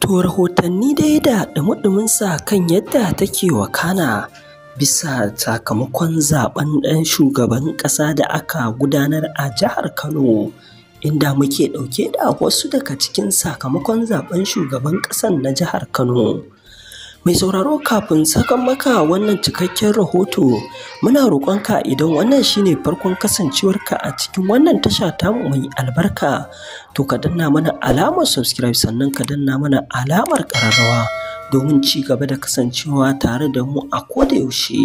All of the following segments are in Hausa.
To rahotanni dai da ɗumi sa kan yadda take wakana bisa sakamakon zaben ɗan shugaban ƙasa da aka gudanar a jihar Kano inda muke ɗauke da wasu daga cikin sakamakon zaben shugaban ƙasan na jihar Kano. Mai sauraro kafin sakan maka wannan cikakken rahoto muna roƙonka idan wannan shine farkon kasancewarka a cikin wannan tasha ta mai albarka to ka danna mana alamar subscribe sannan ka danna mana alamar ƙararrawa domin ci gaba da kasancewa tare da mu a kodayaushe.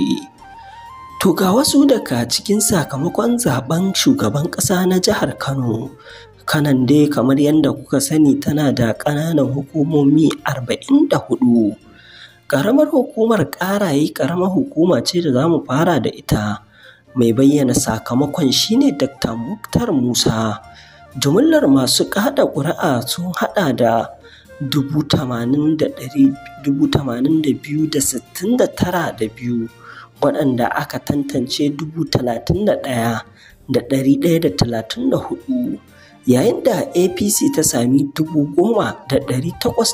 To ga wasu daga cikin sakamakon zaben shugaban ƙasa na jihar Kano kanan dai kamar yadda kuka sani tana da ƙananan hukumomi 44 Ƙaramar hukumar Ƙaraye ƙaramar hukuma ce da za mu fara da ita. Mai bayyana sakamakon shine Dr. Muktar Musa. Jumlar masu kada ƙuri'a sun haɗa da dubu tamanin da biyu waɗanda aka tantance dubu talatin da da hudu yayin da apc ta sami dubu goma da ɗari takwas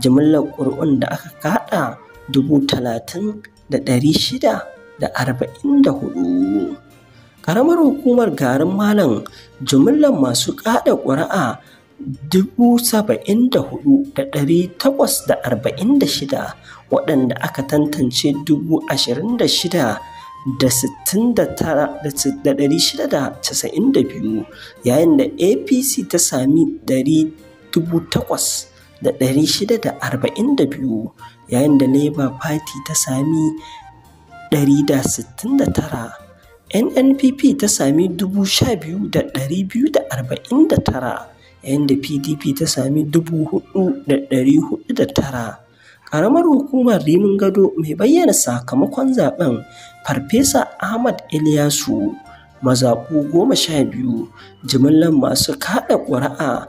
jimillar ƙuri'un da aka kaɗa dubu talatin da ɗari shida da arba'in da hudu. Ƙaramar hukumar garin Malam jimillar masu kaɗa ƙuri'a dubu saba'in da hudu da ɗari takwas da arba'in da shida waɗanda aka tantance dubu ashirin da shida da sittin da tara da ɗari shida da casa'in da biyu yayin da apc ta sami ɗari dubu takwas da 642 yayin da labour party ta sami 169 nnpp ta sami 12,249 yayin da pdp ta sami 4,409 ƙaramar hukumar rimin gado mai bayyana sakamakon zaben farfesa ahmad ilyasu mazaɓu goma sha biyu jimillar masu kaɗa ƙuri'a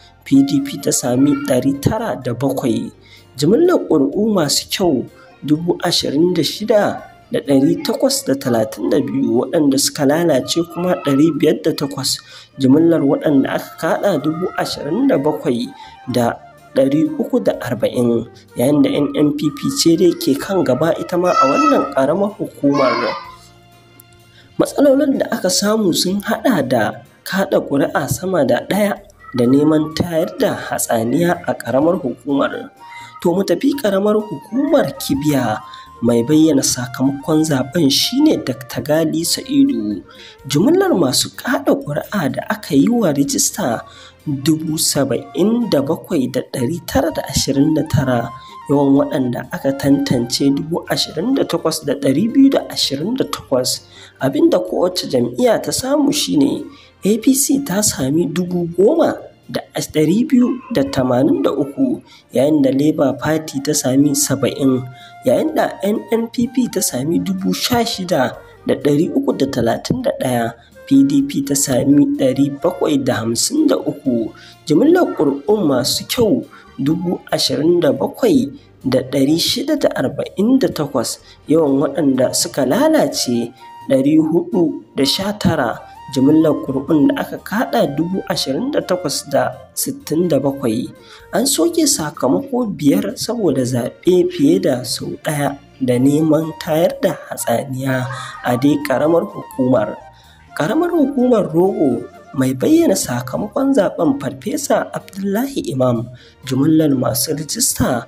pdp ta sami 907 jimillar ƙuri'u masu kyau 26,832 waɗanda suka lalace kuma 508 jimillar waɗanda aka kaɗa 27,340 yayin da nnpp ce dai ke kan gaba ita ma a wannan ƙaramar hukumar matsalolin da aka samu sun haɗa da kaɗa ƙuri'a sama da ɗaya da neman tayar da hatsaniya a ƙaramar hukumar. To mu tafi ƙaramar hukumar Kibiya mai bayyana sakamakon zaben shine Dr. Gali Sa'idu. Jumlar masu kada ƙuri'a da aka yi wa rijista 77,929 yawan waɗanda aka tantance 28,228 abinda kowace jam'iyya ta samu shine apc ta sami dubu goma da ɗari biyu da tamanin da uku yayin da labour party ta sami saba'in yayin da nnpp ta sami dubu sha shida da ɗari uku da talatin da ɗaya pdp ta sami ɗari bakwai da hamsin da uku jimillar ƙuri'un masu kyau dubu ashirin da bakwai da ɗari shida da arba'in da takwas yawan waɗanda suka lalace ɗari hudu da sha tara jimillar ƙuri'un da aka kada 28,067 an soke sakamako biyar saboda zaɓe fiye da sau ɗaya da neman tayar da hatsaniya a dai ƙaramar hukumar ƙaramar hukumar rogo mai bayyana sakamakon zaben farfesa abdullahi imam jimillar masu rijista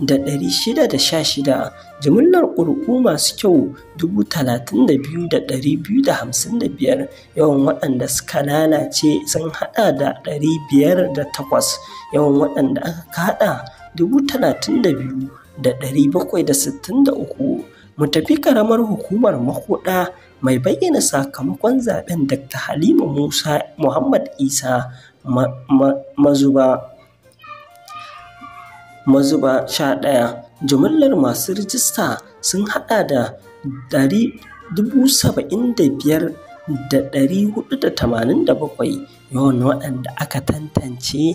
da ɗari shida da sha shida jimillar Kurku masu kyau dubu talatin da biyu da ɗari biyu da hamsin da biyar yawan waɗanda suka lalace sun haɗa da ɗari biyar da takwas yawan waɗanda aka haɗa dubu talatin da biyu da ɗari bakwai da sittin da uku mu tafi karamar hukumar makoɗa mai bayyana sakamakon zaben dr halima musa muhammad isa mazuba mazuba sha ɗaya jimillar masu rijista sun haɗa da 75,487 yawan waɗanda aka tantance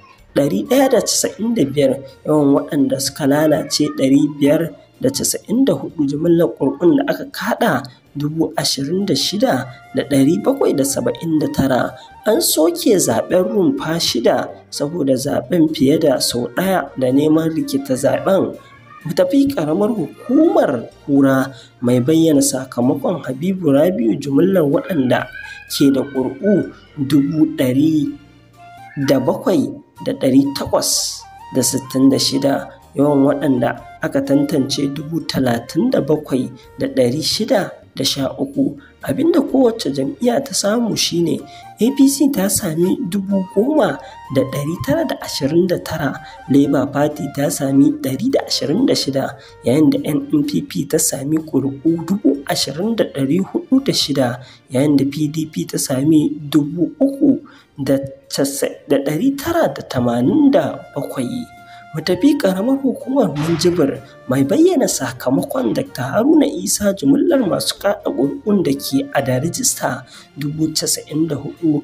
195 yawan waɗanda suka lalace 594 jimillar ƙuri'un da aka kaɗa 26,779 an soke zaben rumfa shida saboda zaben fiye da sau ɗaya da neman rikita zaben mu tafi karamar hukumar kura mai bayyana sakamakon habibu rabiu jimillar waɗanda ke da ƙuri'u dubu ɗari bakwai da ɗari takwas da sittin da shida yawan waɗanda aka tantance dubu talatin da bakwai da ɗari shida da sha uku abinda kowace jam'iyya ta samu shine apc ta sami dubu goma da ɗari tara da ashirin da tara labour party ta sami ɗari da ashirin da shida yayin da nnpp ta sami ƙuri'u dubu 20,406 yayin da pdp ta sami 3,987 matafi karamar ƙaramar hukumar minjibir mai bayyana sakamakon dr haruna isa jimillar masu kada gurgun da ke a da rijista 94,186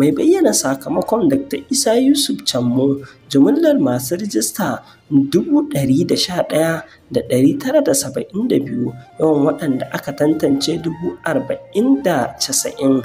mai bayyana sakamakon Dr. Isa Yusuf Cammo jimillar masu rijista biyu, yawan waɗanda aka tantance 40,090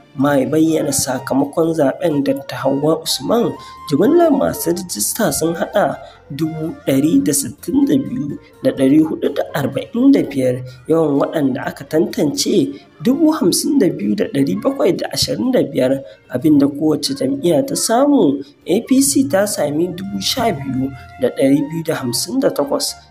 mai bayyana sakamakon zaben da ta Hauwa Usman, jimillar masu rijista sun haɗa 162,445, yawan waɗanda aka tantance 52,725, abinda kowace jam'iyya ta samu. APC ta sami 12,258.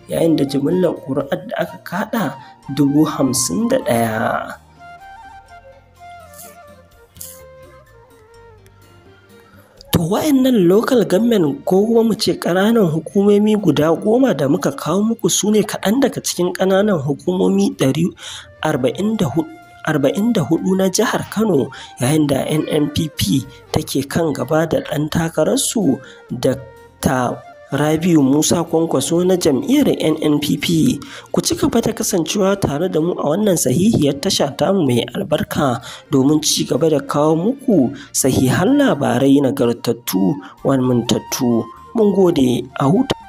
yayin da jimillar ƙuri'ar da aka kada dubu hamsin da ɗaya to wayannan local government ko kuma mu ce ƙananan hukumomi guda goma da muka kawo muku su ne kaɗan daga cikin ƙananan hukumomi hudu na jihar kano yayin da nnpp take kan gaba da ɗan takararsu da ta Rabiu Musa Kwankwaso na jam'iyyar NNPP ku ci gaba da kasancewa tare da mu a wannan sahihiyar tasha tamu mai albarka domin ci gaba da kawo muku sahihan labarai nagartattu wanmintattu. Mun gode a huta.